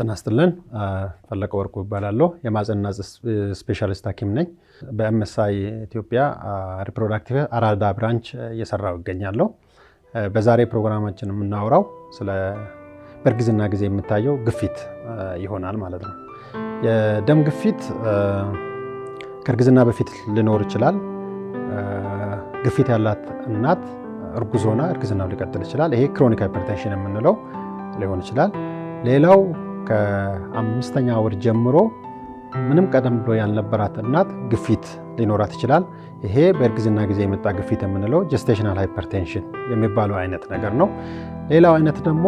ጤና ይስጥልን። ፈለቀ ወርቁ እባላለሁ። የማጽንና ስፔሻሊስት ሐኪም ነኝ። በኤምኤስአይ ኢትዮጵያ ሪፕሮዳክቲቭ አራዳ ብራንች እየሰራው ይገኛለሁ። በዛሬ ፕሮግራማችን የምናወራው ስለ በእርግዝና ጊዜ የምታየው ግፊት ይሆናል ማለት ነው። የደም ግፊት ከእርግዝና በፊት ሊኖር ይችላል። ግፊት ያላት እናት እርጉዞና እርግዝናው ሊቀጥል ይችላል። ይሄ ክሮኒክ ሃይፐርቴንሽን የምንለው ሊሆን ይችላል። ሌላው ከአምስተኛ ወር ጀምሮ ምንም ቀደም ብሎ ያልነበራት እናት ግፊት ሊኖራት ይችላል። ይሄ በእርግዝና ጊዜ የመጣ ግፊት የምንለው ጀስቴሽናል ሃይፐርቴንሽን የሚባለው አይነት ነገር ነው። ሌላው አይነት ደግሞ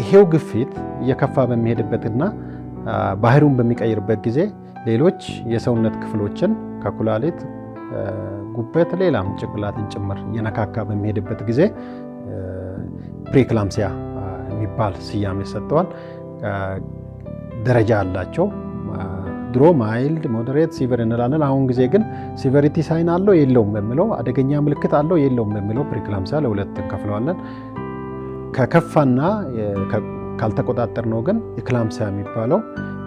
ይሄው ግፊት እየከፋ በሚሄድበትና ባህሪውን በሚቀይርበት ጊዜ ሌሎች የሰውነት ክፍሎችን ከኩላሊት፣ ጉበት፣ ሌላም ጭንቅላትን ጭምር እየነካካ በሚሄድበት ጊዜ ፕሪክላምሲያ የሚባል ስያሜ ሰጥተዋል። ደረጃ አላቸው። ድሮ ማይልድ፣ ሞደሬት፣ ሲቨር እንላለን። አሁን ጊዜ ግን ሲቨሪቲ ሳይን አለው የለውም የሚለው አደገኛ ምልክት አለው የለውም የሚለው ፕሪክላምሲያ ለሁለት እንከፍለዋለን። ከከፋና ካልተቆጣጠር ነው ግን ክላምሳ የሚባለው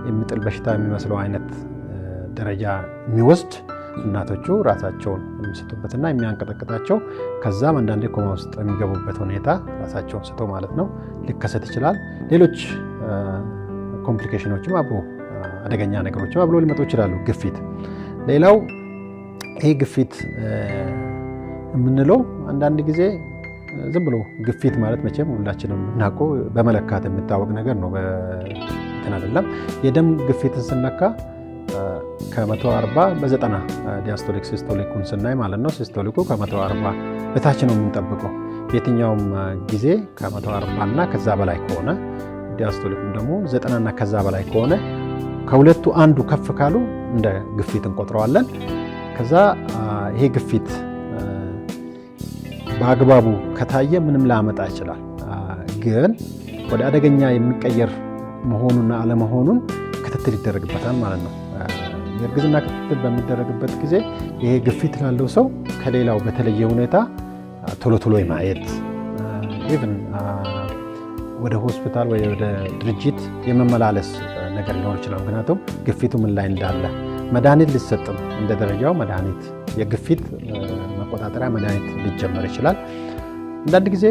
የሚጥል በሽታ የሚመስለው አይነት ደረጃ የሚወስድ እናቶቹ ራሳቸውን የሚሰጡበትና የሚያንቀጠቅጣቸው ከዛም አንዳንዴ ኮማ ውስጥ የሚገቡበት ሁኔታ ራሳቸውን ስቶ ማለት ነው ሊከሰት ይችላል። ሌሎች ኮምፕሊኬሽኖችም አብሮ አደገኛ ነገሮችም አብሎ ሊመጡ ይችላሉ። ግፊት ሌላው ይሄ ግፊት የምንለው አንዳንድ ጊዜ ዝም ብሎ ግፊት ማለት መቼም ሁላችንም እናቆ በመለካት የሚታወቅ ነገር ነው። እንትን አይደለም። የደም ግፊትን ስንለካ ከ140 በዘጠና ዲያስቶሊክ ሲስቶሊኩን ስናይ ማለት ነው። ሲስቶሊኩ ከ140 በታች ነው የምንጠብቀው። የትኛውም ጊዜ ከ140 እና ከዛ በላይ ከሆነ ዳያስ ደግሞ ዘጠናና ከዛ በላይ ከሆነ ከሁለቱ አንዱ ከፍ ካሉ እንደ ግፊት እንቆጥረዋለን። ከዛ ይሄ ግፊት በአግባቡ ከታየ ምንም ላመጣ ይችላል። ግን ወደ አደገኛ የሚቀየር መሆኑና አለመሆኑን ክትትል ይደረግበታል ማለት ነው። የእርግዝና ክትትል በሚደረግበት ጊዜ ይሄ ግፊት ላለው ሰው ከሌላው በተለየ ሁኔታ ቶሎ ቶሎ የማየት ኢቭን ወደ ሆስፒታል ወይ ወደ ድርጅት የመመላለስ ነገር ሊሆን ይችላል። ምክንያቱም ግፊቱ ምን ላይ እንዳለ መድኃኒት ሊሰጥም እንደ ደረጃው መድኃኒት የግፊት መቆጣጠሪያ መድኃኒት ሊጀመር ይችላል። አንዳንድ ጊዜ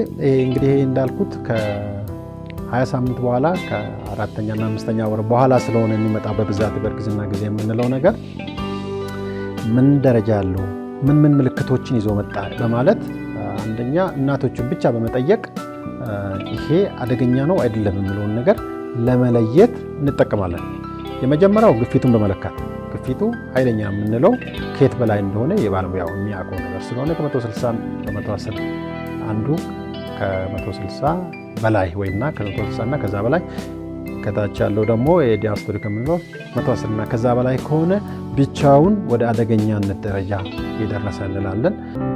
እንግዲህ እንዳልኩት ከሀያ ሳምንት በኋላ ከአራተኛና አምስተኛ ወር በኋላ ስለሆነ የሚመጣ በብዛት በእርግዝና ጊዜ የምንለው ነገር ምን ደረጃ አለው ምን ምን ምልክቶችን ይዞ መጣ በማለት አንደኛ እናቶቹን ብቻ በመጠየቅ ይሄ አደገኛ ነው አይደለም የሚለውን ነገር ለመለየት እንጠቀማለን። የመጀመሪያው ግፊቱን በመለካት ግፊቱ ኃይለኛ የምንለው ከየት በላይ እንደሆነ የባለሙያው የሚያውቀው ነገር ስለሆነ ከ160 ከ110 አንዱ ከ160 በላይ ወይና ከ160 እና ከዛ በላይ ከታች ያለው ደግሞ የዲያስፖሪክ የምንለው 110 እና ከዛ በላይ ከሆነ ብቻውን ወደ አደገኛነት ደረጃ የደረሰ እንላለን።